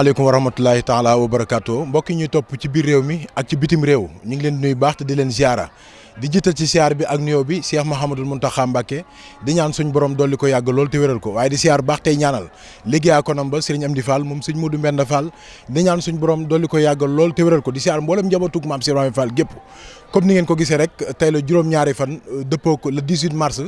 asalaamaaleykum wa rahmatulahi taala wa barakaatu mbokk yi ñuy topp ci biir réew mi ak ci bitim réew ñu ngi leen di nuyu baax te di leen ziara di jiital ci siyaar bi ak nuyoo bi Cheikh Mouhamadul di ñaan suñ borom dolli ko yàgg lool te wéral ko waaye di siyaar baax tey ñaanal liggéeyaa ko nam ba Serigne Amdi Fall moom Serigne Modou Mbenda Fall di ñaan suñ borom dolli ko yàggal lool te wéral ko di siyaar mboolem njabootug maam Serigne Fall gépp comme ni ngeen ko gisee rek tey la juróom-ñaari fan euh, dëppoo ko le 18 mars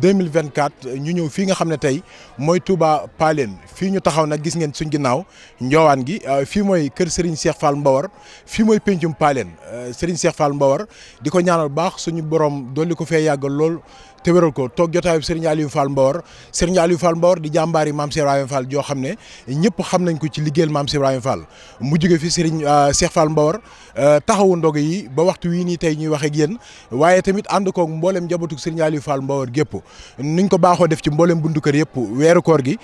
2024 ñu ñëw fii nga xam ne tey mooy Touba Palen fii ñu taxaw nag gis ngeen suñ ginnaaw njoowaan gi euh, fii mooy kër Serigne Cheikh Fall Mbawar fii mooy pencum Palen euh, Serigne Cheikh Fall Mbawar di ko ñaanal baax suñu borom dolli ko fee yàggal lool. te wéral ko toog jotaayu Serigne Aliou Fall Mbawar Serigne Aliou Fall jàmbaari Maam Cheikh Ibrahima Fall joo xam ne ñëpp xam nañ ko ci liggéeyal Maam Cheikh Ibrahima mu jóge fi Serigne euh, Cheikh Fall Mbawar euh, taxawu ndog yi ba waxtu nii tey ñuy wax yéen waaye tamit ànd koog mboolem njabootu Serigne Aliou Fall Mbawar gépp ko baaxoo def ci mboolem bundu kër yëpp weeru koor gi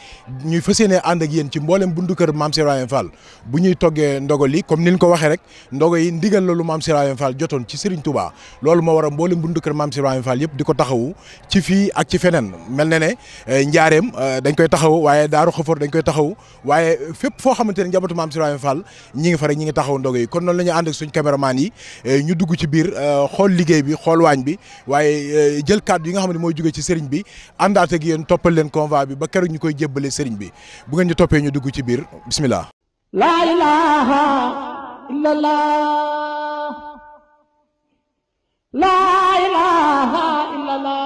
ñuy fas yéene ak yéen ci mboolem bundu kër Maam Cheikh Ibrahima bu ñuy toggee ndogo li comme niñ ko waxee rek ndogo yi ndigal loolu lu Maam Cheikh Ibrahima jotoon ci Serigne Touba loolu moo waral mboolem bundu kër Maam Cheikh Ibrahima Fall yëpp di ko taxawu ci fii ak ci feneen mel na ne eh, njaareem eh, dañ koy taxaw waaye daar xafoor dañ koy taxaw waaye fépp foo xamante ne njabootu maam si Fall ñi ngi fa rek ñi ngi taxaw ndogo yi kon noonu la ñu eh, dugg ci biir xool liggéey bi xool waañ bi waaye jël kàddu yi nga xam ne mooy jóge ci sëriñ bi àndaat ak yéen toppal leen convoi bi ba keroog ñu koy jébbale sëriñ bi bu ngeen ñu toppee ñu dugg ci biir bismillah laa ilaaha illallaah laa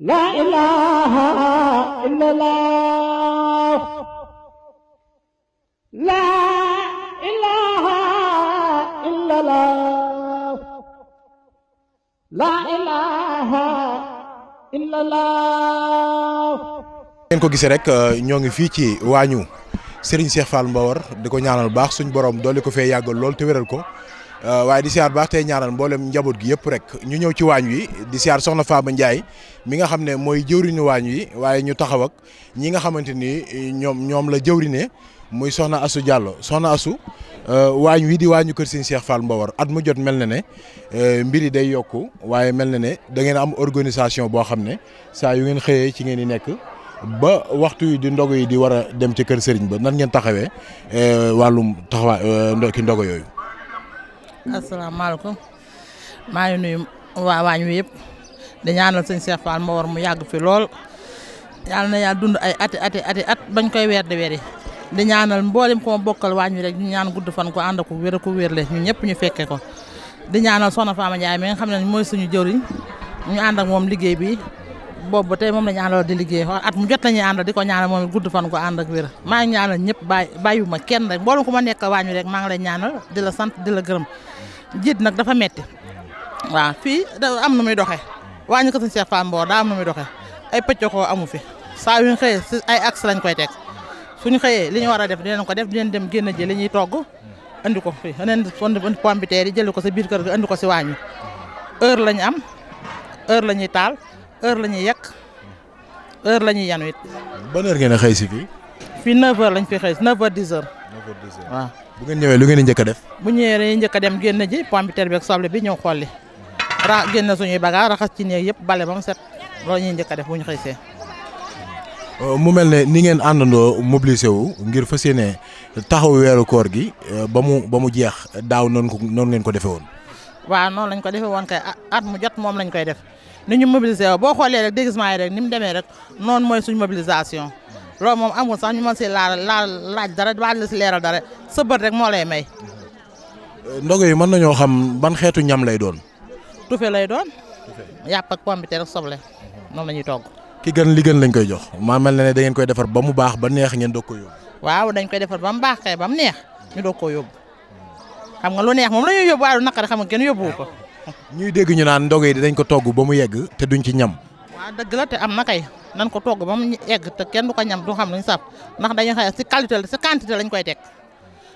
la ilaha illallah la ilaha illallah la ilaha illallah ngeen ko gisee rek euh, ñoo ngi fii ci waañu Serigne Cheikh Fall Mbawar di ko ñaanal baax suñ borom doole ko fee yàggal lool te wéral ko Euh, waaye di siyaar baax tey ñaanal mboolem njaboot gi yëpp rek ñu ñëw ci waañ wi di siyaar soxna Faaba Ndiaye mi nga xam ne mooy jëwriñu waañ wi waaye ñu taxaw ak ñi nga xamante ni eh, ñoom ñoom la jëwriñee muy soxna Asu Diallo soxna Asu euh, waañ wi di waañu kër Serigne Cheikh Fall Mbawar at mu jot mel na ne euh, mbir yi day yokk waaye mel na ne da ngeen am organisation boo xam ne saa yu ngeen xëyee ci ngeen di nekk ba waxtu yi di ndogo yi di war a dem ci kër Serigne ba nan ngeen taxawee wàllum taxawaay ndoki ndogo yooyu. asalaamaaleykum maa ngi nuyu waa waañ wi yëpp di ñaanal sëñ Cheikh Fall moo war mu yàgg fi lool yàlla na yàlla dund ay ati ati ati at bañ koy weer di weri di ñaanal mboolem ko bokkal waañ wi rek ñu ñaan gudd fan ko ànd ko wér ku wérle ñu ñëpp ñu fekke ko di ñaanal soxna Fama Ndiaye mi nga xam ne mooy suñu jëriñ ñu ànd ak moom liggéey bi boobu ba tey moom la ñu di liggéey at mu jot la ñuy àndal di ko ñaanal moom gudd fan ko ànd ak wér maa ngi ñaanal ñëpp bàyyi bàyyiwuma kenn rek mbooloo ku ma nekk waañu rek maa ngi lay ñaanal di la sant di la gërëm jiit nag dafa metti waaw fii da nu muy doxee waañu ko suñu Cheikh Fall daa am nu muy ay pëccokoo amu fi saa yu ñu xëyee lañ koy teg suñu xëyee li ñu war a def dinañ ko def dinañ dem génn ji li ñuy togg andi ko fi aneen andi pombiteer yi jëli ko sa biir kër gi andi ko si waañu heure lañu am heure taal heure la ñuy yàq heure la ñuy yan it. ban heure ngeen a xëy si fii. fii 9h lañ fi xëy 9h 10h. 9 bu ngeen ñëwee lu ngeen di njëkk def. bu ñëwee dañuy njëkk a dem génn ji pomme de terre bi ak soble bi ñëw xolli. ra génn suñuy bagaa raxas ci néeg yëpp bale ba mu set loolu ñuy njëkk a def bu ñu xëy see. Euh, mu mel ne ni ngeen àndandoo mobilisé wu ngir fa yéene taxaw weeru koor gi euh, ba mu ba mu jeex daaw noonu ko noonu ngeen ko defee woon. waaw noonu lañ ko defee at mu jot moom lañ koy def. ni ñu mobilisé boo xoolee rek déguisement yi rek ni mu demee rek noonu mooy suñu mobilisation loolu moom amul sax ñu mën si laal laal laaj dara waaj la si leeral dara sa bët rek moo lay may. Euh, ndogu yi mën nañoo xam ban xeetu ñam lay doon. tufe lay doon. yàpp ak pombiteer ak soble moom mhm. la ñuy togg. ki gën li gën lañ koy jox maa mel ne ne da ngeen koy defar ba mu baax ba neex ñeen doog ko yóbbu. waaw dañ koy defar ba mu baax kay ba mu neex ñu doog koo yóbbu xam nga lu neex moom la ñuy yóbbu xam nga kenn yóbbuwul ñuy dégg ñu naan ndogu yi dinañ ko togg ba mu yegg te duñ ci ñam. waaw dëgg la te am na kay nan ko togg ba mu egg te kenn du ko ñam du xam luñ saf ndax dañuy xëy si qualité la si lañ koy teg.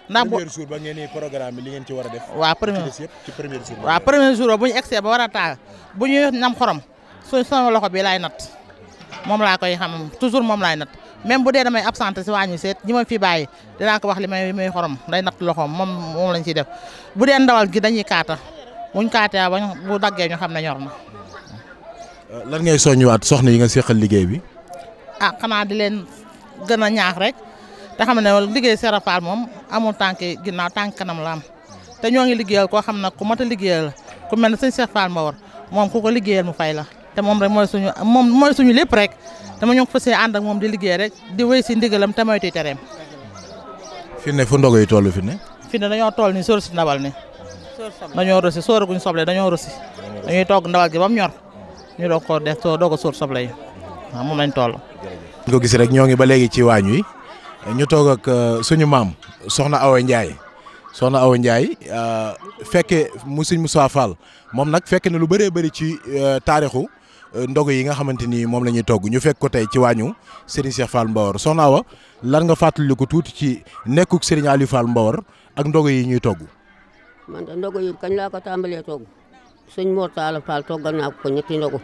ndax bu premier jour ba ngeen bi li ngeen ci war a def. waaw premier ci jour. waaw bu ñu egsee ba war a taal bu ñuy ñam xorom suñ sama loxo bi laay nat moom laa koy xam toujours moom laay nat même bu dee damay absenté si waañu seet ñi ma fi bàyyi dinaa ko wax li may may xorom day nat loxoom moom moom lañ ciy def bu dee ndawal gi dañuy kaata buñ kaatee ba bu daggee ñu xam ne ñor na. Euh, lan ngay soññiwaat soxna yi nga seqal liggéey bi. ah xanaa di leen gën a ñaax rek te xam ne liggéey Serap Fall moom amul tànk ginnaaw tànk kanam la te ñoo ngi liggéeyal koo xam na ku mat a liggéeyal la ku mel ne sëñ Serap ma Mbawar moom ku ko liggéeyal mu fay la te moom rek mooy suñu moom mooy suñu lépp rek dama ñoo ko fas ànd ak moom di liggéey rek di wéy si ndigalam te moytu tereem. fi ne fu ndogo yi toll fi ne. ni sóor si ndabal dañoo rosi sóoraguñ soble dañoo rosi dañuy togg ndawal gi ba mu ñor ñu doog koo def soo doog a sóor soble yi waaw moom lañ toll. rek ñoo ngi ba léegi ci waañ wi ñu toog ak euh, suñu maam soxna Awa Ndiaye soxna Awa Ndiaye euh, fekke mu suñ Moussa moom nag fekk na lu bëree bëri ci euh, taarixu ndogu yi nga xamante ni moom la ñuy togg ñu fekk ko tey ci waañu Serigne Cheikh Fall Mbawar soxna Awa lan nga ko tuuti ci nekkuk Serigne Aliou Fall Mbawar ak ndogu yi ñuy togg. man da ndogu yi kañ laa ka tàmbalee togg sëñ Mor Talla Fall toggal naa ko ñetti ndogu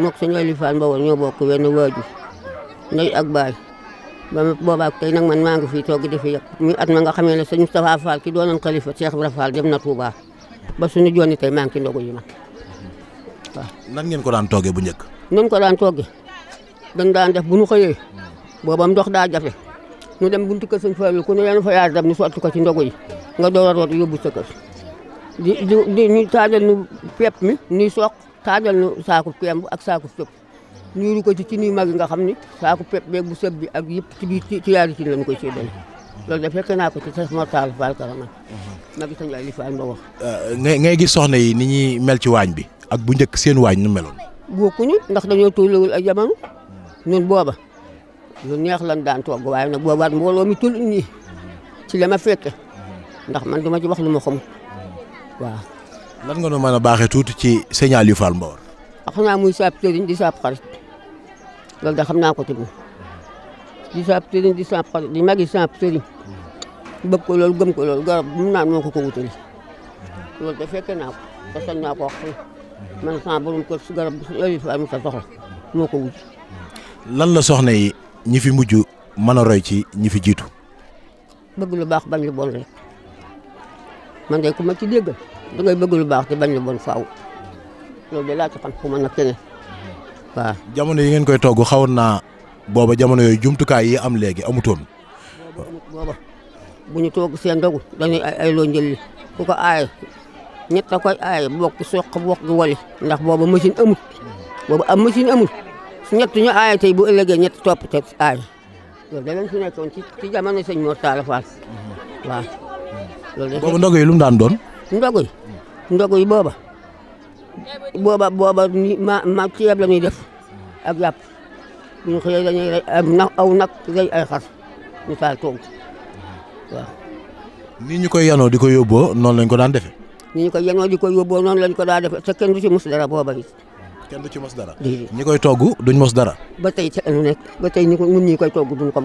mook sëñ Aliou Fall Mbawo ñoo bokk wenn waaju ndey ak baay ba boobaak tey nag man maa ngi fii togg defi yàq mi at ma nga xamee ne sëñ Moustapha Fall ki doonoon xalifa Cheikh Ibra Fall dem na Touba ba suñu jonni tey maa ngi ci ndogu yi ma waaw nan ngeen ko daan toogee bu njëkk nun ko daan toogee dañ daan def bu ñu xëyee boobam ndox daa jafe ñu dem buntu kër sëñ Fallu ku ne leen fa yaar dam ñu ko ci ndogu yi nga door a root yóbbu sa kër di di di ñu taajal nu pepp mi nuy soq taajal nu saaku kemb ak saaku sëb ñuuru ko ci ci nuy mag yi nga xam ni saaku pepp beeg bu sëb bi ak yëpp ci biir ci yaari ci lañ koy séddale loolu de fekk naa ko ci sa mortal Fall Karama nag mhm. sa njaay li Fall wax euh, ngay ngay gis soxna yi ni ñuy mel ci waañ bi ak bu njëkk seen waañ nu meloon bokkuñu ndax dañoo tóolewul ak jamono ñun booba lu neex lan daan togg waaye nag boobaat mbooloo mi tul nii ci la ma fekke ndax man duma ci wax lu ma xamul hmm. waaw. lan nga nu mën a baaxee tuuti ci signal yu Fall Mbaor. xam naa muy saab sëriñ di saab xarit loolu da xam naa ko ci moom di saab sëriñ di saab xarit di magi saab sëriñ hmm. bëgg ko loolu gëm ko loolu garab bu mu naan moo ko ko wutali hmm. loolu da fekke naa ko te sañ ko wax man sama borom kër si garab yooyu fa am sa soxla moo ko wut. lan la soxna yi ñu fi mujj mën a roy ci ñu fi jiitu. bëgg lu baax bañ lu bon rek. man de ku ma ci déggal dangay bëgg lu baax te bañ lu bon faaw loolu de laa ci xam xuma nag keneen waaw. jamono yi ngeen koy togg xawoon naa booba jamono yooyu jumtukaay yi am léegi amutoon. booba bu ñu toog seen ndogu dañuy ay ay loo njëlli ku ko aaye ñett koy aaye bokk soq bokk gi wali ndax booba machine amul booba am machine amul ñett ñu aaye tey bu ëllëgee ñett topp te aaye loolu da leen fi nekkoon ci ci jamono sëñ Mor Talla Fall mhm. loolu booba ndogu yi lu mu daan doon. ndogu yi ndogu yi booba booba booba ma ma ceeb la ñuy def ak yàpp ñu xëyee dañuy rey aw nag rey ay xar ñu taal toog waaw. nii ñu koy yanoo di ko yóbboo noonu lañ ko daan defee. nii ñu koy yanoo di ko yóbboo noonu lañ ko daan defee te kenn du ci mos dara booba it. kenn du ci mos dara. ñi koy togg duñ mos dara. ba tey ca ba tey ñi ko ñun koy togg duñ ko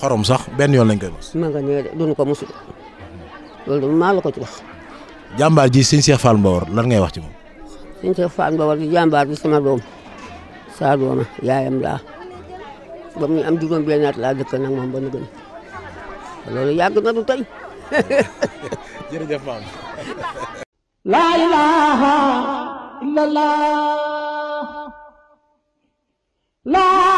xorom sax benn yoon lañ koy mos. ma nga de duñu ko mosu loolu de maa la ko ci jàmbaar ji sëñ Cheikh Fall Mbawar lan ngay wax ci moom. sëñ Cheikh Fall Mbawar di jàmbaar bi sama doom saa dooma yaayam laa ba mu am juróom benn at laa dëkk nag moom ba nu gën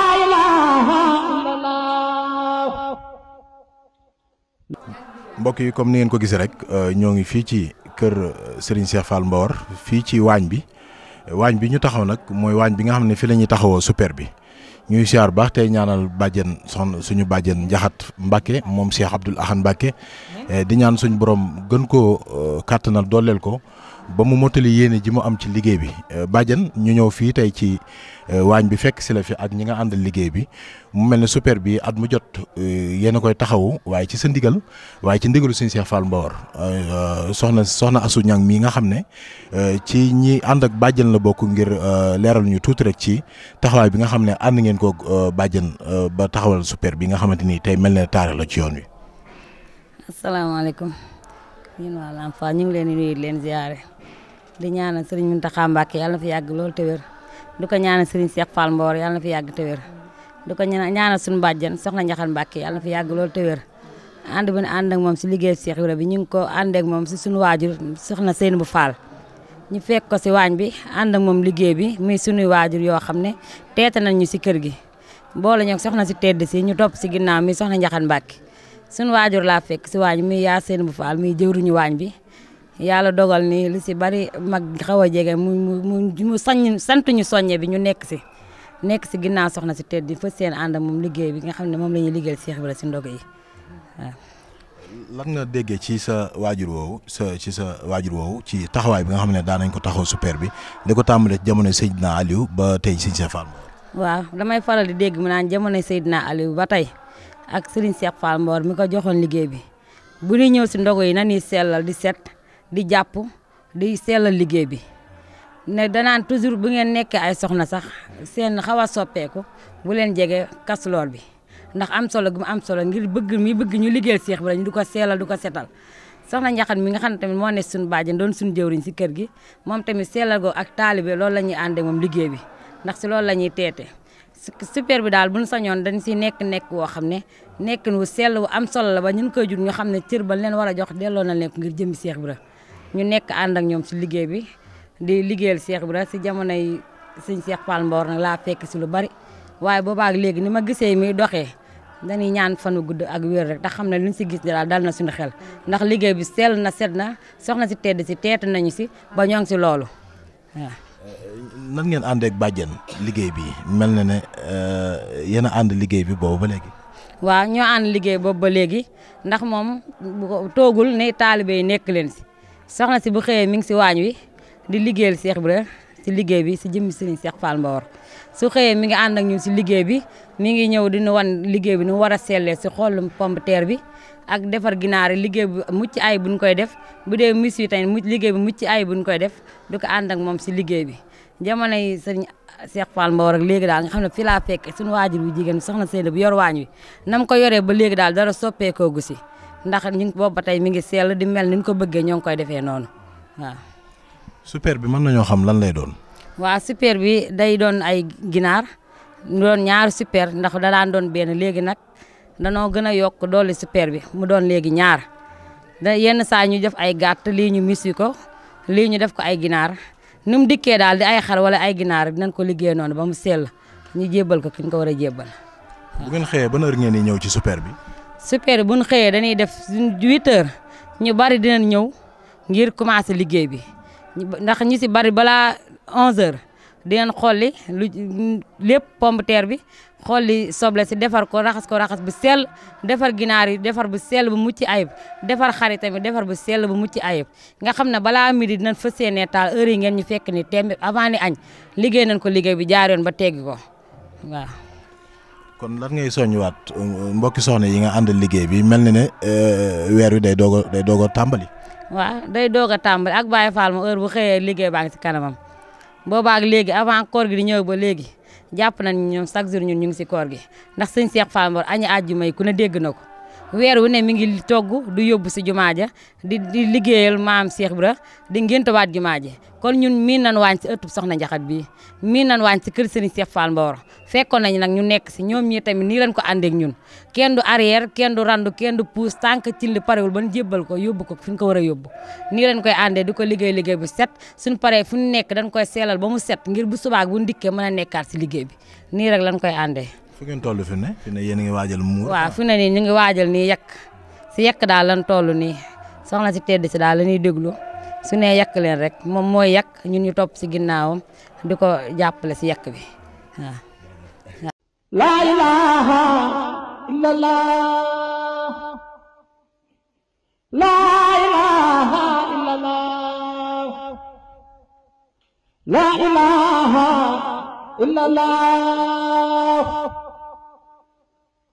mbokk yi comme ni ngeen ko gisee rek euh, ñoo ngi fii ci kër euh, Serigne Cheikh Fall Mbawar fii ci waañ bi waañ bi ñu taxaw nag mooy waañ bi nga xam ne fii la ñuy taxawoo super bi ñuy siyaar baax tey ñaanal bàjjen soxna suñu bàjjen Njaxat Mbàkke moom Cheikh Abdoul Ahad Mbàkke eh, di ñaan suñu borom gën koo euh, kàttanal dooleel ko. ba mu mottali yéene ji mu am ci liggéey bi euh, bàjjan ñu ñëw fii tey ci euh, waañ bi fekk si la fi ak ñi nga àndal liggéey bi mu mel ne super bi at mu jot euh, yéen a koy taxawu waaye ci sa ndigal waaye ci ndigalu suñu Cheikh Fall Mbawar soxna soxna Asu Ñang mii nga xam ne ci ñi ànd ak bàjjan la bokk ngir leeral ñu tuuti rek ci taxawaay bi nga xam ne ànd ngeen ko bàjjan ba taxawal super bi nga xamante ni tey mel ne taare la ci yoon wi. asalaamaaleykum. ñun waa Lamp Fall ñu ngi leen di nuyu leen ziare di ñaanal sëriñ Mountakha Mbacké yàlla na fi yàgg lool te wér ko ñaanal sëriñ Cheikh Fall Mbor yàlla na fi yàgg te wér du ko ñaanal suñu bàjjen soxna Ndiakhate Mbacké yàlla na fi yàgg lool te wér ànd bu ne moom si liggéey Cheikh bi ñu ngi ko ànd moom si suñu waajur soxna Seynabou Fall ñu fekk ko si waañ bi ànd moom liggéey bi muy suñuy waajur yoo xam ne teete nañ si kër gi boole ñoo soxna si tedd si ñu topp si ginnaaw mi soxna Ndiakhate Mbacké suñu waajur laa fekk si waañ mi yaa seen bu faal muy jëwriñu waañ bi yàlla dogal ni lu si bari mag xaw a jege mu mu mu sañ sant ñu soññe bi ñu nekk si nekk si ginnaaw soxna si tedd di fa seen ànd moom liggéey bi nga xam ne moom la ñuy liggéeyal Seex Ibra si ndog yi waaw. lan nga déggee ci sa waajur woowu sa ci sa waajur woowu ci taxawaay bi nga xam ne daan nañ ko taxaw super bi di ko tàmbalee ci jamono Seydina Aliou ba tey Sëñ Cheikh Fall. waaw damay faral di dégg mu naan jamono Seydina Aliou ba tey. ak Serigne Cheikh Fall Mboor mi ko joxoon liggéey bi bu ñuy ñëw si ndogu yi na ñuy sellal di set di jàpp di sellal liggéey bi ne danaan toujours bu ngeen nekkee ay soxna sax seen xaw a soppeeku bu leen jege kasloor bi ndax am solo gum am solo ngir bëgg mu bëgg ñu liggéey Cheikh bi lañu du ko sellal du ko setal soxna Njaxate mi nga xam ne tamit moo ne suñu baajan doon suñu jëwriñ si kër gi moom tamit sellal go ak taalibe loolu la ñuy àndee moom liggéey bi ndax super bi daal bu sa ñoon dañ si nekk nekk woo xam ne nekkin wu sell wu am solo la ba ñun koy jur ñu xam ne cër ba leen war a jox delloo na leen ngir seex Cheikh Ibra ñu nekk ànd ak ñoom si liggéey bi di liggéeyal Cheikh Ibra si jamonoy sëñ Cheikh Fall mboor nag laa fekk si lu bari waaye boobaak léegi ni ma gisee mi doxee dañuy ñaan fan fanu gudd ak wér rek ndax xam ne luñ si gis daal dal na suñu xel ndax liggéey bi sell na set na soxna si tedd si teet nañu si ba ñoo ngi si loolu nan ngeen ànd ak bàjjen liggéey bi mel na ne euh, yéen a ànd liggéey bi boobu ba léegi. waaw ñoo ànd liggéey boobu ba léegi ndax moom toogul ne taalibe yi nekk leen si soxna si bu xëyee mi ngi si waañ wi di liggéeyal Cheikh Ibra si liggéey bi si jëmmi Serigne Cheikh Fall Mbawar su xëyee mi ngi ànd ak ñun si liggéey bi mi ngi ñëw di nu wan liggéey bi nu war a sellee si xoolum pomme de terre bi ak defar ginaar liggéey bu mucc ay buñ koy def bu dee mis yi tamit liggéey bi mucc ay buñ koy def du ko ànd ak moom si liggéey bi jamono yi sëriñ Cheikh Fall Mbaor ak léegi daal nga xam ne fi laa fekk suñu waajur bu jigéen soxna Seydou bu yor waañ wi nam ko yoree ba léegi daal dara soppeekoo gu si ndax ñu boobu ba tey mi ngi sell di mel ni nu ko bëggee ñoo koy defee noonu waaw. super bi mën nañoo xam lan lay doon. waa super bi day doon ay ginaar doon ñaar super ndax da daan doon benn léegi nag danoo gën a yokk doole super bi mu doon léegi ñaar da yenn saa ñu def ay gàtt lii ñu misi ko lii ñu def ko ay ginaar. nu mu dikkee daal di ay xar wala ay ginaar dinañ ko liggéey noonu ba mu sell ñu jébbal ko ki ñu ko war a jébbal. bu ngeen xëyee ban heure ngeen ñëw ci super bi. super bu ñu xëyee dañuy def huit ñu bari dinañ ñëw ngir commencer liggéey bi ndax ñu si bari balaa onze heures dinañ xolli lu lépp pomme terre bi xolli soble si defar ko raxas ko raxas bu sel defar ginaar yi defar bu sel bu mucc ayib defar xar yi defar bu sel bu mucc ayib nga xam ne balaa midi dinañ fas yéenee taal heure yi ngeen ñu fekk ni tembe avant ni añ liggéey nañ ko liggéey bi jaar yoon ba teggi ko waaw. kon lan ngay soññiwaat euh, mbokki soxna yi nga àndal liggéey bi mel na ne euh, weer wi day doog a tàmbali. waa day doog a tàmbali ak Baye Fall ma heure bu xëyee liggéey baa ngi si kanamam boobaag léegi avant koor gi di ñëw ba léegi. jàpp nañ ñoom chaque jour ñun ñu ngi si kor gi ndax sëñ Cheikh Fall Mbaor añi àjjuma yi ku ne dégg na ko weer wu ne mi ngi togg du yóbbu si jumaa ja di di liggéeyal maam Cheikh Ibra di ngéntawaat jumaa ja kon ñun miin nañ waañ si ëttub soxna njaxat bii miin nañ waañ si kër Serigne Cheikh Fall Mboro fekkoon nañ nag ñu nekk si ñoom ñii tamit nii lañ ko àndeek ñun kenn du arrière kenn du randu kenn du puus tànk cin li parewul ba ñu jébbal ko yóbbu ko fi ñu ko war a yóbbu nii lañ koy àndee di ko liggéey liggéey bu set suñu paree fu ñu nekk dañ koy seelal ba mu set ngir bu subaak bu ndikkee mën a nekkaat si liggéey bi nii rek lañ koy àndee fu ngeen toll ne a ngi waajal nii ñu ngi waajal ni yekk si yekk daal lan toll nii soxna si tedd si daal la ñuy déglu su nee yekk leen rek moom mooy yekk ñun ñu topp si ginnaawam di ko jàppale si yekk bi waaw. laa ilaaha illallah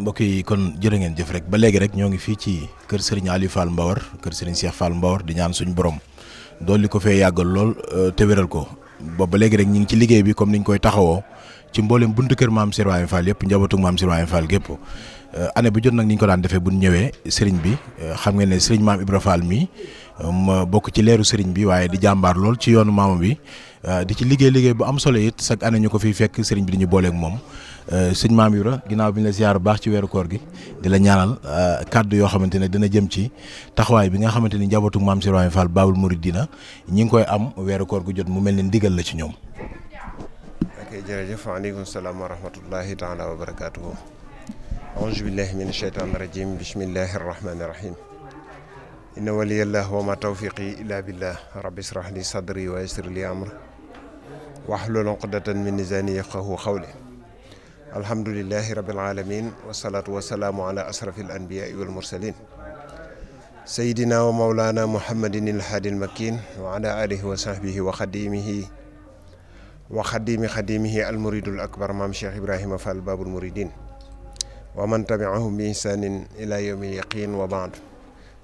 mbokk yi kon jërë ngeen jëf rek ba léegi rek ñoo ngi fii ci kër sëriñ Aliou Fall Mbawar kër sëriñ Cheikh Fall Mbawar di ñaan suñu borom dool di ko fee yàggal lool euh, te wéral ko boobu ba léegi rek ñu ngi ci liggéey bi comme niñ koy taxawoo ci mboolem buntu kër maam Cheikh Ibrahima Fall yëpp njabootu maam Cheikh Ibrahima Fall gépp euh, année bu jot nag ni ñu ko daan defee bu ñu ñëwee sëriñ bi euh, xam ngeen ne sëriñ maam Ibra Fall mi ma um, bokk ci leeru sëriñ bi waaye di jàmbaar lool ci yoonu maama bi di ci liggéey liggéey bu am solo it chaque année ñu ko fiy fekk sëriñ bi di ñu booleek moom Euh, sëñ Maam Ibra ginnaaw bi ñu la ziar baax ci weeru koor gi di la ñaanal euh, kàddu yoo xamante ne dina jëm ci taxawaay bi nga xamante ni njabootu maam Cheikh Ibrahima Fall Baabul Mouridina ñi ngi koy am weeru koor gu jot mu mel ne ndigal la ci ñoom. ok jërëjëf waaleykum salaam wa rahmatullahi taala wa barakaatuhu. auzu billahi min shaytaani rajim bismillahi rahmaani rahim. alhamdulilahi rabil alamin wasalaatu wasalaamu ala asrafi al anbiyai wal mursalin sayidina wa maulana muhammadin ilhaadil makin wa ala alihi wa sahbihi wa xadimihi wa xadimi xadimihi almuridul akbar maam cheikh ibrahima fall babul muridin wa man tabiahum bi ihsanin ila yawmi yaqin wa baad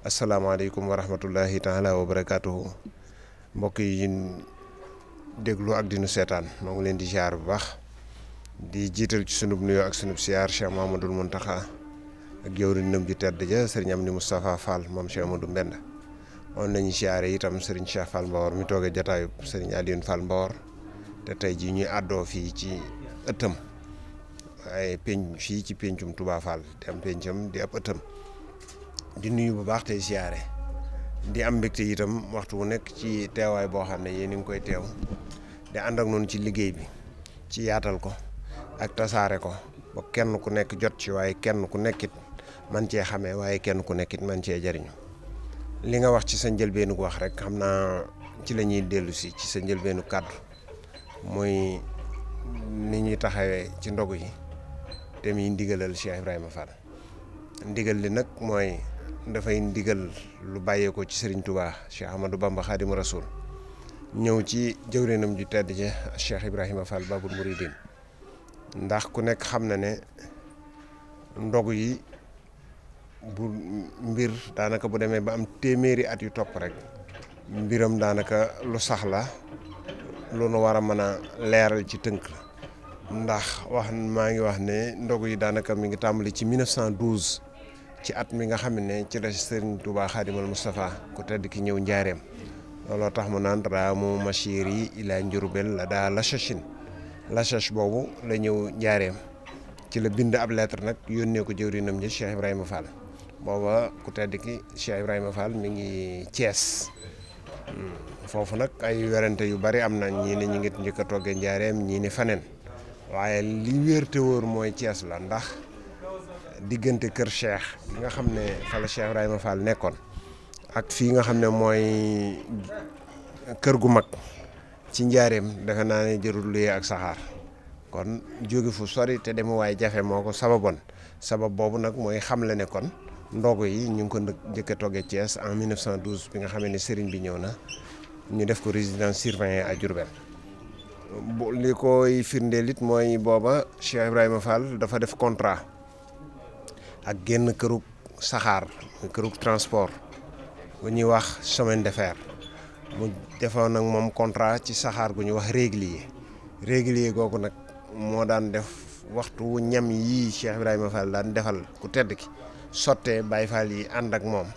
asalaamaaleykum wa rahmatullahi taala wa barakatuhu mbokk yi déglu ak dinu seetaan moo ngi leen di jaar bu baax di jiital ci sunub nuyoo ak sunub siyaar Cheikh Mamadou taxa ak jëwriñam ji tedd ja sëriñ Amdi Moustapha Fall moom Cheikh Amadou Mbenda on nañu siyaare itam sëriñ Cheikh Fall toogee jataayu sëriñ Alioune Fall te tey ji ñuy àddoo fii ci ëttam waaye penc fii ci pencum Touba Fall di am pencam di ab ëttam di nuyu bu baax tey siyaare di am mbégte itam waxtu wu nekk ci teewaay boo xam ne yéen a ngi koy teew di ànd ak noonu ci liggéey bi ci yaatal ko ak tasaare ko ba kenn ku nekk jot ci waaye kenn ku nekkit man cee xamee waaye kenn ku nekkit man cee jariñu li nga wax ci sa njëlbeenu wax rek xam naa ci lañuy dellusi ci sa njëlbeenu kàddu mooy ni ñuy taxawee ci ndogu yi te muy ndigalal Cheikh Ibrahima Fall ndigal li nag mooy dafay ndigal lu bàyyeekoo ci sëriñ tubaa Cheikh Amadou Bamba Khadimu Rasoul ñëw ci jëwrinam ju tedd ja Cheikh Ibrahima Fall Babul Mouridine ndax ku nekk xam na ne ndogu yi bu mbir daanaka bu demee ba am téeméeri at yu topp rek mbiram daanaka lu sax la lu nu war a mën a leeral ci tënk la ndax wax maa ngi wax ne ndog yi daanaka mi ngi tàmbali ci 1912 ci at mi nga xam ne ci la Serigne Touba Xaadimal Moustapha ku tedd ki ñëw njaareem looloo tax mu naan raamu machir yi ilaa Njurbel la daa la Chachine lachache boobu la ñëw njaareem ci la bind ab lettre nag yónnee ko jëwriñam ji Cheikh Ibrahima Fall booba ku tedd ki Cheikh Ibrahima Fall mi ngi Thiès hmm, foofu nag ay werante yu bari am na ñi ne ñu ngi njëkk a toggee njaareem ñii ni faneen waaye li wér te mooy Thiès la ndax diggante kër Cheikh bi nga xam ne fa la Cheikh Ibrahima Fall nekkoon ak fii nga xam ne mooy kër gu mag ci njaareem defe naa ne jërul luyee ak saxaar kon jóge fu sori te demu jafe moo ko sababoon sabab boobu nag mooy xamle ne kon ndogu yi ñu ngi ko njëkk a toggee Thiès en 1912 bi nga xamee ne sëriñ bi ñëw na ñu def ko résidence surveillée à Diourbel li koy firndeel it mooy booba Cheikh Ibrahima Fall dafa def contrat ak genn kërug saxaar kërug transport bu ñuy wax semaine de fer mu defoon nag moom contrat ci saxaar gu ñu wax régulier régulier googu nag moo daan def waxtu wu ñam yii Cheikh Ibrahima Fall daan defal ku tedd ki sotte Baye Fall yi ànd ak moom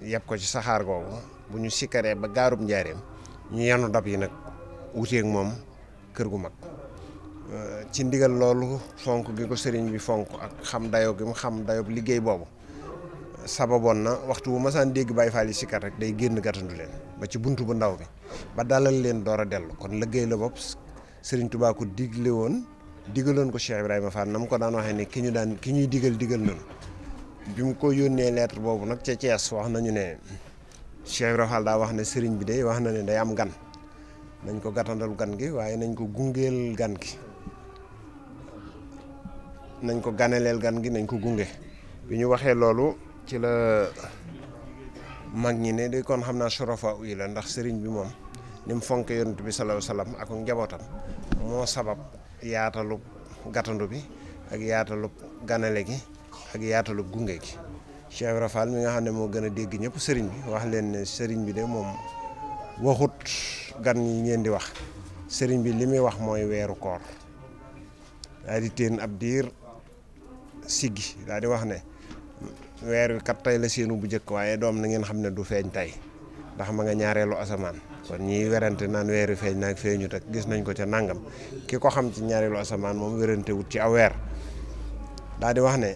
yëpp ko ci saxaar googu bu ñu sikkaree ba gaarub njaareem ñu yanu dab yi nag wuteeg moom kër gu mag euh, ci ndigal loolu fonk gi ko sëriñ bi fonk ak xam dayoo gi mu xam dayoob liggéey boobu sababoon na waxtu wu ma saan dégg Baye Fall yi sikkar rek day génn gàttandu leen ba ci bunt bu ndaw bi ba dalal leen door a dellu kon liggéey la bopp sëriñ Touba digle woon digaloon ko Cheikh Ibrahima Fall na mu ko daan waxee ni ki ñu daan ki ñuy digal digal nañu bi mu ko yónnee lettre boobu nag ca Thiès wax nañu ne Cheikh Ibrahima daa wax ne sëriñ bi de wax na ne day am gan nañ ko gàttandal gan gi waaye nañ ko gungeel gan gi nañ ko ganeleel gan gi nañ ko gunge bi ñu waxee loolu ci la. mag ñi ne de kon xam naa sorofa uy la ndax sëriñ bi moom ni fonk yonent bi salaahu salaam ak njabootam moo sabab yaatalu gatandu bi ak yaatalu ganale gi ak yaatalu gunge gi Cheikh mi nga xam ne moo gën a dégg ñëpp sëriñ bi wax leen ne sëriñ bi de moom waxut gan yi ngeen di wax sëriñ bi li muy wax mooy weeru koor daal di téen ab diir siggi daal di wax ne weer wi kat tey la seenu bu njëkk waaye doom na ngeen xam ne du feeñ tey ndax ma nga ñaareelu asamaan kon ñiy werante naan weer feeñ feeñ naag feeñu tak gis nañ ko ca nangam ki ko xam ci ñaareelu asamaan moom werante wut ci aw weer daal di wax ne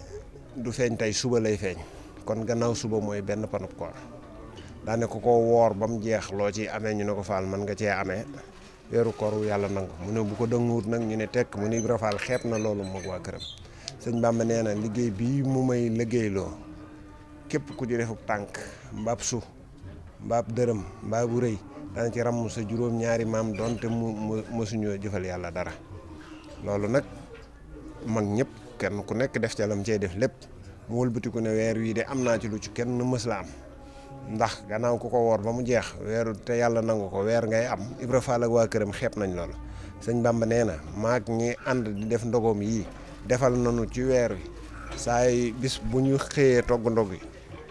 du feeñ tey suba lay feeñ kon gannaaw suba mooy benn panub koor daa ne ko ko woor ba mu jeex loo ci amee ñu ne ko faal man nga cee amee weeru koor wu yàlla nangu mu ne bu ko dënguwut nag ñu ne tekk mu ne Ibra Faal na loolu moog sëñ Bamba nee na liggéey bii mu may liggéeyloo képp ku ci defub tànk mbaab su mbaab dërëm mbaabu rëy dana ci ràmm sa juróom ñaari maam donte mu mësuñoo jëfal yàlla dara loolu nag mag ñépp kenn ku nekk def ca mu cey def lépp mu wëlbatiku ne weer wii de am naa ci lu ci kenn mës la am ndax gannaaw ku ko woor ba mu jeex weeru te yàlla nangu ko weer ngay am Ibra Fall ak waa këram xeeb nañ loolu sëñ Bamba nee na maag ñi ànd di def ndogoom yii defal nanu ci weer wi saay bis bu ñu xëyee togg ndog yi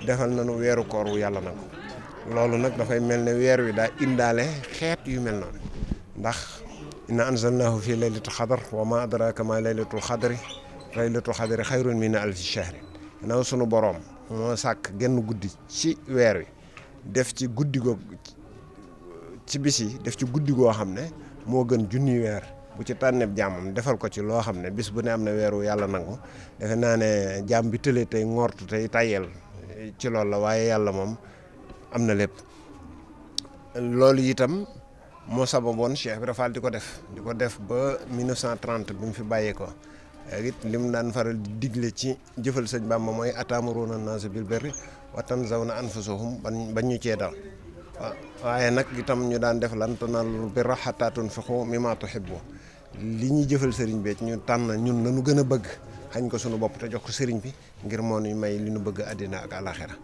defal nañu weeru koor wu yàlla na ko loolu nag dafay mel ni weer wi daa indaale xeet yu mel noonu ndax inna anzalnaahu fi laylatul xadar wa ma adraka ma laylatul xadri laylatul xadri xayrun min alfi shahrin naaw sunu boroom moo sàkk genn guddi ci weer wi def ci guddi goo ci bis yi def ci guddi goo xam ne moo gën junni weer bu ci tànneeb jàmmam defal ko ci loo xam ne bis bu ne am na weeru yàlla nangu defe naa ne jàmm bi tëlee tey ngortu tey tayel ci lool la waaye yàlla moom am na lépp loolu itam moo sababoon Cheikh Ibra Fall di ko def di ko def ba 1930 bi mu fi bàyyee ko it li mu daan faral di digle ci jëfal baam Bàmba mooy ataamuruuna naasa bil birri wa tanzawna anfusahum ba ñu cee dal waaye nag itam ñu daan def lan tanaalul birra hattaa tunfiqu mimmaa tuhibbuun li ñuy jëfal sëriñ bi ñu tànn ñun lañu gën a bëgg xañ ko suñu bopp te jox ko sëriñ bi ngir moo ñu may li ñu bëgg àddina ak àlaxira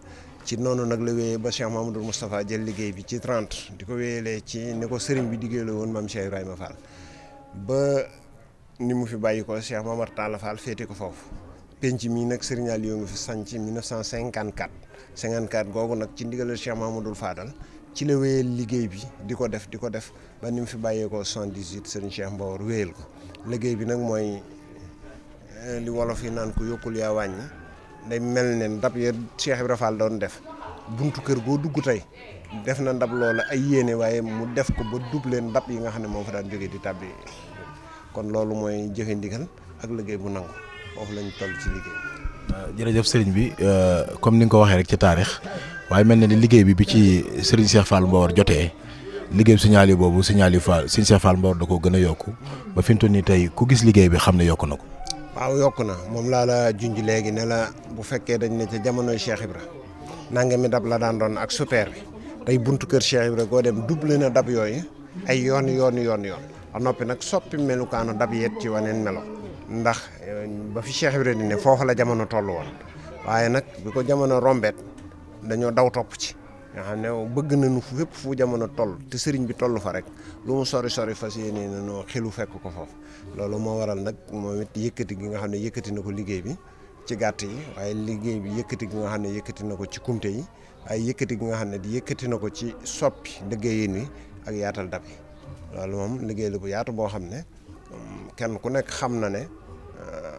ci noonu nag la wéyee ba Cheikh Mamadou Moustapha jël liggéey bi ci 30 di ko wéyelee ci ni ko sëriñ bi diggéeyale woon maam Cheikh Ibrahima Fall ba ni mu fi bàyyi ko Cheikh Mamar Talla Fall féete ko foofu penc mii nag sëriñ Aliou ngi fi sanc 1954 54 googu nag ci ndigalal Cheikh Mamadou Fadal ci la wéyal liggéey bi di ko def di ko def ba ni mu fi bàyyeekoo 78 Serigne Cheikh Mbaor wéyal ko liggéey bi nag mooy eh, li wolof yi naan ko yokkul yaa wàññi day mel ne ndab ya Cheikh bi Fall doon def buntu kër goo dugg tey def na ndab loola ay yéene waaye mu def ko ba doublé ndab yi nga xam ne moom fa daan jógee di tàbbi kon loolu mooy jëfe ndigal ak liggéey bu nangu foofu lañu toll ci liggéey. jërëjëf sëriñ bi euh, comme ni nga ko waxee rek ci taarix. waaye mel na ne liggéey bi bi ci Serigne Cheikh Fall Mbawar jotee liggéey signal yi boobu signal yi Fall Serigne Cheikh Fall Mbawar da gën a yokku ba fi mu toll nii tey ku gis liggéey bi xam ne yokk na ko. waaw yokk na moom laa la junj léegi ne la bu fekkee dañ ne ca jamonoy rek Ibra nangami dab la daan doon ak super bi tey buntu kër Cheikh Ibra koo dem doublé na dab yooyu ay yoon yoon yoon yoon a noppi nag soppi melukaanu dab yeet ci waneen melo ndax eh, ba fi Cheikh Ibra di ne foofu la jamono toll woon waaye nag jamono rombet dañoo daw topp ci nga xam ne bëgg nañu fépp fu jamono toll te sëriñ bi toll fa rek lu mu sori sori fas yéene nañoo xelu fekk ko foofu loolu moo waral nag moom it yëkkati gi nga xam ne yëkkati na ko liggéey bi ci gàtt yi waaye liggéey bi yëkkati gi nga xam ne yëkkati na ko ci kumte yi waaye yëkkati nga xam ne yëkkati na ko ci soppi liggéeyin wi ak yaatal dab yi loolu moom liggéey la bu yaatu boo xam ne um, kenn ku nekk xam na ne uh,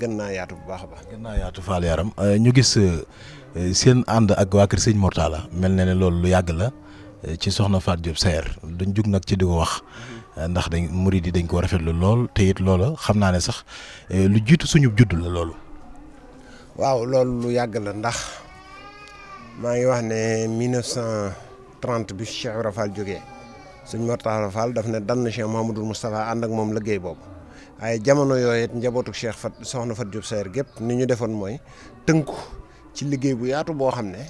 gën naa yaatu bu baax a baax. gën naa yaatu Fall yaram euh, ñu gis euh, seen ànd ak waa kër sëñ Mortala mel na ne loolu lu yàgg la euh, ci soxna Fatou Diop Saer dañ jug nag ci di ko wax ndax dañ murid yi dañ ko rafetlu lool te it loola xam naa ne sax lu jiitu suñu judd la loolu. waaw loolu lu yàgg la ndax maa ngi wax ne 1930 bi Cheikh Ibra Fall jógee sëñ Mortala Fall daf ne dann Cheikh Mouhamadul Moustapha ànd ak moom liggéey boobu. waaye jamono yooyu njabootu Cheikh Fat soxna Fat Diop Saer gépp ni ñu defoon mooy tënku ci liggéey bu yaatu boo xam ne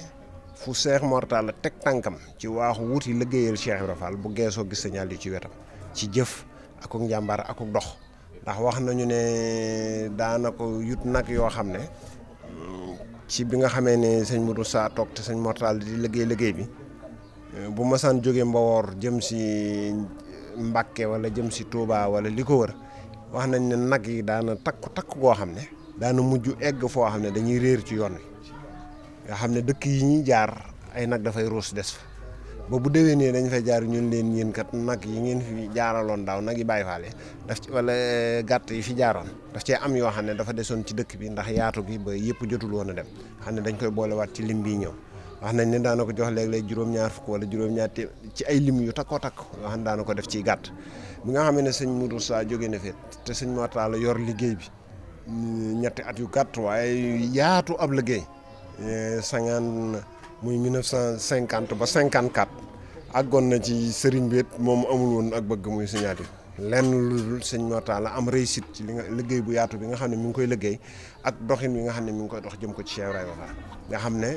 fu Cheikh Mortalla teg tànkam ci waaxu wuti liggéeyal Cheikh Ibra Fall bu geesoo gis sañal yu ci wetam ci jëf akuk njàmbaar akuk dox ndax wax nañu ne daanako yut nag yoo xam ne ci bi nga xamee ne sëñ Modou Sa toog te sëñ Mortalla di liggéey liggéey bi bu masaan jógee Mbawoor jëm si Mbàkke wala jëm si Touba wala li ko wër wax nañ ne nag yi daana takku takku goo xam ne daana mujj egg foo xam ne dañuy réer ci yoon wi nga xam ne dëkk yi ñuy jaar ay nag dafay ruus des fa ba bu déwénee dañ fay jaar ñun leen yéen kat nag yi ngeen fi jaaraloon daaw nag yi bàyyi faale daf ci wala eh, gàtt yi fi jaaroon daf cee am yoo xam ne dafa desoon ci dëkk bi ndax yaatu gi ba yëpp jotul woon a dem xam ne dañ koy boolewaat ci lim bii ñëw wax nañ ne daana ko jox léeg-léeg juróom-ñaar fukk wala juróom-ñaar ci ay lim yu takkoo takk yoo xam ne daana ko def ciy gàtt bi nga xam ne sëñ Mourou saa jóge na fi te sëñ Mawta la yor liggéey bi ñetti at yu gàtt waaye yaatu ab liggéey eh, sangaan muy 1950 ba 54 àggoon na ci sëriñ bi moom amul woon ak bëgg muy sëñaati lenn lu dul sëñ Mawta la am réussite ci li nga liggéey bu yaatu bi nga xam ne mu ngi koy liggéey ak doxin bi nga xam ne mu ngi koy dox jëm ko ci Cheikh Ibrahima Fall nga xam ne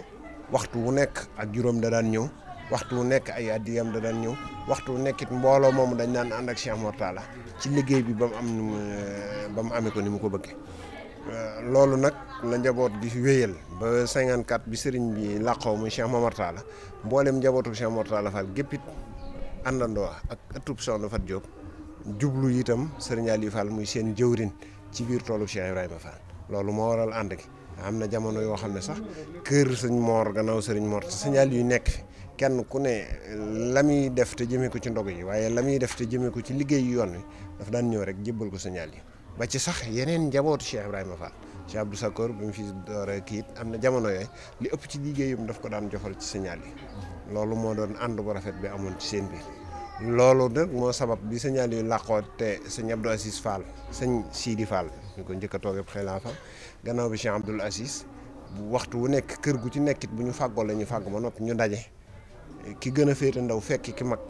waxtu wu nekk ak juróom da daan ñëw. waxtu wu nekk ay addiyam da daan ñëw waxtu wu nekkit mbooloo moomu dañ daan ànd ak Cheikh la ci liggéey bi ba mu am eh, ba mu amee ko ni mu ko bëggee eh, loolu nag la njaboot gi wéyal ba 54 bi sëriñ bi làqoo muy Cheikh Mortala mboolem njabootu Cheikh Mortala Fall géppit àndandoo ak ëttub Soxna Fat Diop jublu itam sëriñ Aliou Fall muy seen jëwrin ci biir toolu Cheikh Ibrahima Fall loolu moo waral ànd gi am na jamono yoo xam ne sax kër sëñ moor gannaaw sëriñ Mor te sëñ Aliou yu nekk fi kenn ku ne la muy def te jëmee ko ci ndog yi waaye la muy def te jëmee ko ci liggéeyu yoon wi daf daan ñëw rek jébbal ko signal yi ba ci sax yeneen njabootu Cheikh Ibrahima Fall Cheikh Abdou Sakor bi mu fi dooree kii it am na jamono yooyu ëpp ci liggéeyam daf ko daan jofal ci signal yi loolu moo doon ànd bu rafet bi amoon ci seen biir loolu nag moo sabab bi yu làqoo te sëñ Abdou Aziz Fall sëñ Sidi Fall ñu ko njëkk a toogee xilaafa gannaaw bi Cheikh Abdoul Aziz bu waxtu wu nekk kër gu ci nekkit bu ñu fàggoo la ñu fàgg ba noppi ñu daje ki gën a féete ndaw fekk ki mag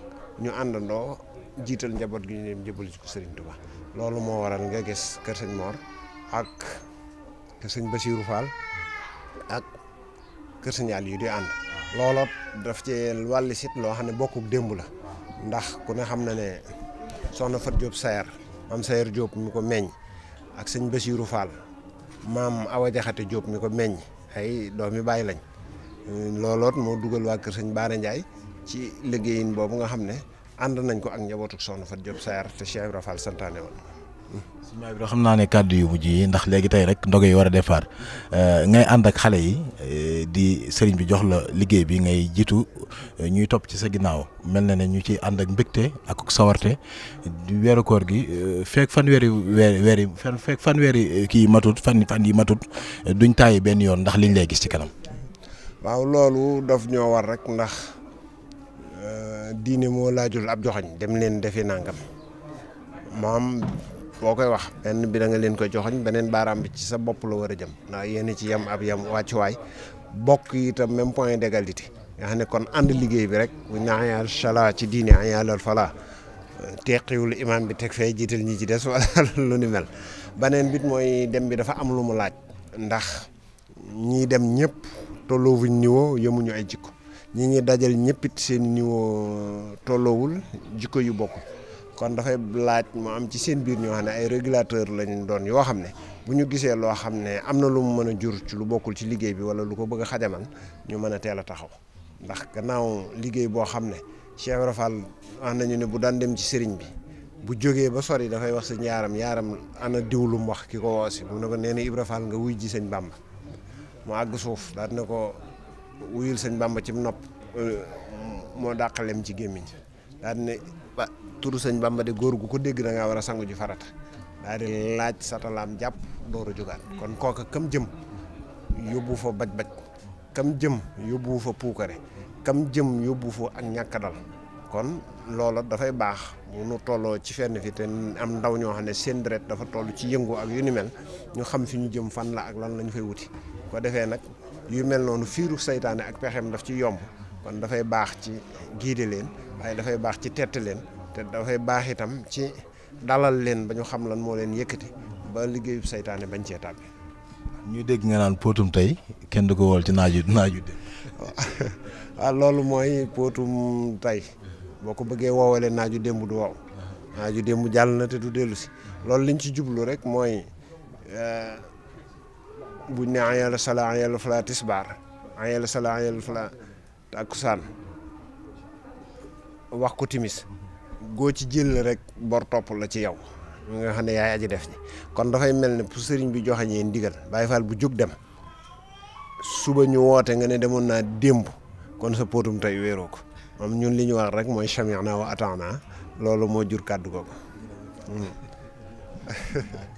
ñu àndandoo jiital njaboot gi ñu dem jëbal ci ko Serigne Touba loolu moo waral nga gis kër sëñ Mor ak kër sëñ Bassirou Fall ak kër sëñ yu di ànd looloo daf ci wàlli sit loo xam ne bokkuk démb la ndax ku ne xam na ne soxna Fat Diop Sayer maam Sayer Diop mi ko meññ ak sëñ Bassirou Fall maam Awa Jaxate Diop mi ko meññ ay doom doomi bàyyi lañ looloot moo dugal waa kër sañ Baara Ndiaye ci liggéeyin boobu nga xam ne ànd nañ ko ak njabootuk son Fatou Diop Sayar te Cheikh Ibrahima Fall santaane woon. suñu maay bi xam naa ne kàddu yu mujj yi ndax léegi tey rek ndoge yi war a defar euh, ngay ànd ak xale yi euh, di sëriñ bi jox la liggéey bi ngay jiitu euh, ñuy topp ci sa ginnaaw mel na ne ñu ci ànd ak mbégte ak sawarte di weeru koor gi feek fanweeri weer weer yi fan feek fanweeri kii matut fan fan yi matut duñ tàyyi benn yoon ndax liñ lay gis ci kanam. waaw loolu daf ñoo war rek ndax euh, diine moo laajul ab joxañ dem leen defi nangam moom boo koy wax benn bi da nga leen koy joxoñ beneen baaraam bi ci sa bopp la war a jëm ndax yéen ci yem ab yem wàccuwaay bokk itam même point d'égalité nga xam ne kon ànd liggéey bi rek bu ñu ayal sala ci diine ayalal fala teqiwul imaam bi teg fee jiital ñi ci des wala lu ni mel beneen bit mooy dem bi dafa am lu mu laaj ndax ñii dem ñëpp. tolloowuñ niveau yemuñu ay jikko ñi ñuy dajal ñëppit seen niveau tolloowul jikko yu bokk kon dafay laaj mu am ci seen biir ñoo xam ne ay régulateur lañ doon yoo xam ne bu ñu gisee loo xam ne am na lu mu mën a jur ci lu bokkul ci liggéey bi wala lu ko bëgg a xajaman ñu mën a teel a taxaw ndax gannaaw liggéey boo xam ne Cheikh Ibra Fall wax nañu ne bu daan dem ci sëriñ bi bu jógee ba sori dafay wax sëñ yaaram yaaram ana diwlum wax ki ko woosi mu a ko n na nga wuy ji sëñ Bàmba mu àgg suuf daal na ko wuyul sëñ bàmba ci nopp euh, moo dàqalem ci gémmiñ daal ne turu sëñ bàmba de góor gu ko dégg da ngaa war a sangu ji farata di laaj satalaam jàpp door a jógaat kon kooka kam jëm yóbbu fa baj-baj kam jëm yóbbu fa puukare kam jëm yóbbu fa ak ñàkkadal kon loola dafay baax bu nu tolloo ci fenn fi te am ndaw ñoo xam ne seen deret dafa toll ci yëngu ak yu ni mel ñu xam fi ñu jëm fan la ak lan lañu ñu fay wuti ko defee nag yu mel noonu fiiru seytaane ak pexem daf ci yomb kon dafay baax ci giide leen waaye dafay baax ci tett leen te dafay baax itam ci dalal leen ba ñu xam lan moo leen yëkkati ba liggéeyu seytaane bañ cee tàbbi. ñu dégg nga naan póotum tey kenn du ko wol ci naaju naaju de. waaw ah, loolu mooy póotum tey boo ko bëggee woowalee naaju démb du wow naaju démb jàll na te du dellu si loolu liñ ci jublu rek mooy. Euh, buñ ne ayee la sala ayee la fala tisbaar ayee la sala ayee la fala wax ko timis goo ci jël rek bor topp la ci yow nga xam ne yaay aji def ji kon dafay mel ne pour sëriñ bi joxañee ndigal bàyyi faal bu jóg dem suba ñu woote nga ne demoon naa démb kon sa póotum tey wéeroo ko moom ñun li ñu wax rek mooy sami'na wa ata'na loolu moo jur kàddu googu hmm.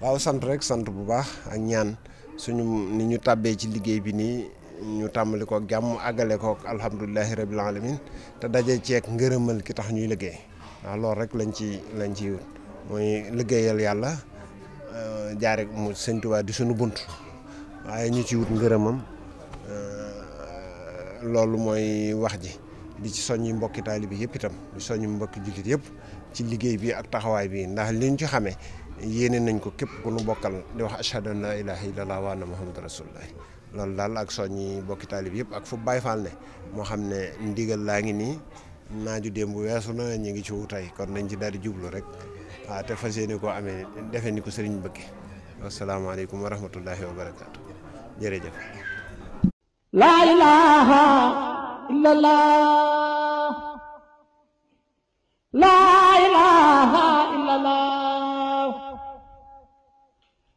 waaw sant rek sant bu baax ak ñaan suñu ni ñu tàbbee ci liggéey bi nii ñu tàmbali ko jàmm àggale ko alhamdulilahi rabil alamin te daje ceeg ngërëmal ki tax ñuy liggéey waaw loolu rek lañ ci lañ ci wut mooy liggéeyal yàlla euh, jaare mu sëñ Tuubaa di suñu bunt waaye ñu ci wut ngërëmam euh, loolu mooy wax ji di ci soññi mbokki taalibe yëpp itam di soññi mbokki jullit yëpp ci liggéey bi ak taxawaay bii ndax liñ ci xamee yéene nañ ko képp ku nu bokkal di wax ashhadu an la ilaha illallah wa anna muhammadu rasulullah loolu bokki taalib yëpp ak fu moo xam ne ndigal laa ngi nii naaju démb weesu na ñu ngi ci wutay kon nañ ci daal di jublu rek waaw ah, te fas yéene koo amee wa rahmatullahi wa barakaatu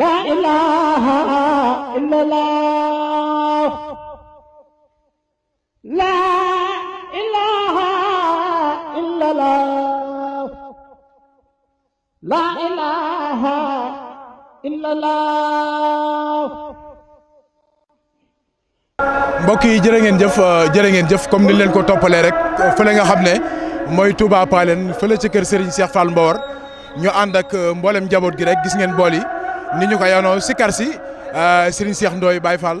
laa ilaaha illallaah laa ilaaha illallaah laa ilaaha yi jërë ngeen jëf euh, jërë ngeen jëf comme ni leen ko toppalee rek fële nga xam ne mooy Touba Palen fële ci kër Serigne Cheikh Fall ñu ànd ak euh, mboolem njaboot gi rek gis ngeen bool yi ni ñu ko yoonoo sikkar si euh, Serigne seex Ndoye Baye fal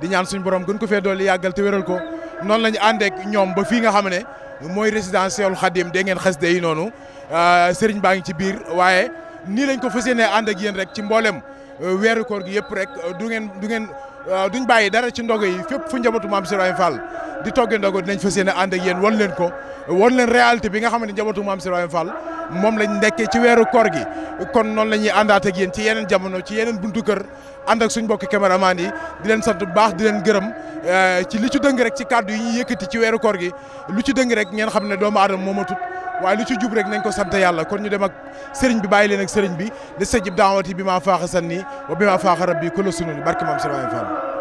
di ñaan suñu boroom gën ko fee dolli yàggal te wéral ko noonu la ñu àndeek ñoom ba fii nga xam ne mooy résidence Cheikhoul Khadim de ngeen xasida yi noonu euh, Serigne baa ngi ci biir waaye nii lañ ko fas yéenee ànd ak yéen rek ci mboolem euh, weeru koor gi yëpp rek du ngeen du ngeen duñ bàyyi dara ci ndogo yi fépp fu njabootu maam Serigne Fall di toggee ndogo dinañ fas yéene ànd ak yéen wan leen ko wan leen réalité bi nga xam ne njabootu maam Serigne Fall moom lañ nekkee ci weeru koor gi kon noonu la ñuy àndaat ak yéen ci yeneen jamono ci yeneen buntu kër ànd ak suñ mbokki caméraman yi di leen sant bu baax di leen gërëm eh, ci li ci dëng rek ci kàddu yi ñuy yëkkati ci weeru koor gi lu ci dëng rek ngeen xam ne doomu aadama moomatut waaye lu ci jub rek nañ ko sant yàlla kon ñu de ak sëriñ bi bàyyi leen ak sëriñ bi di sëjib bi maa faaxa sanni wa bi maa faaxa rabbi kulla sununi barke maam Serigne Fall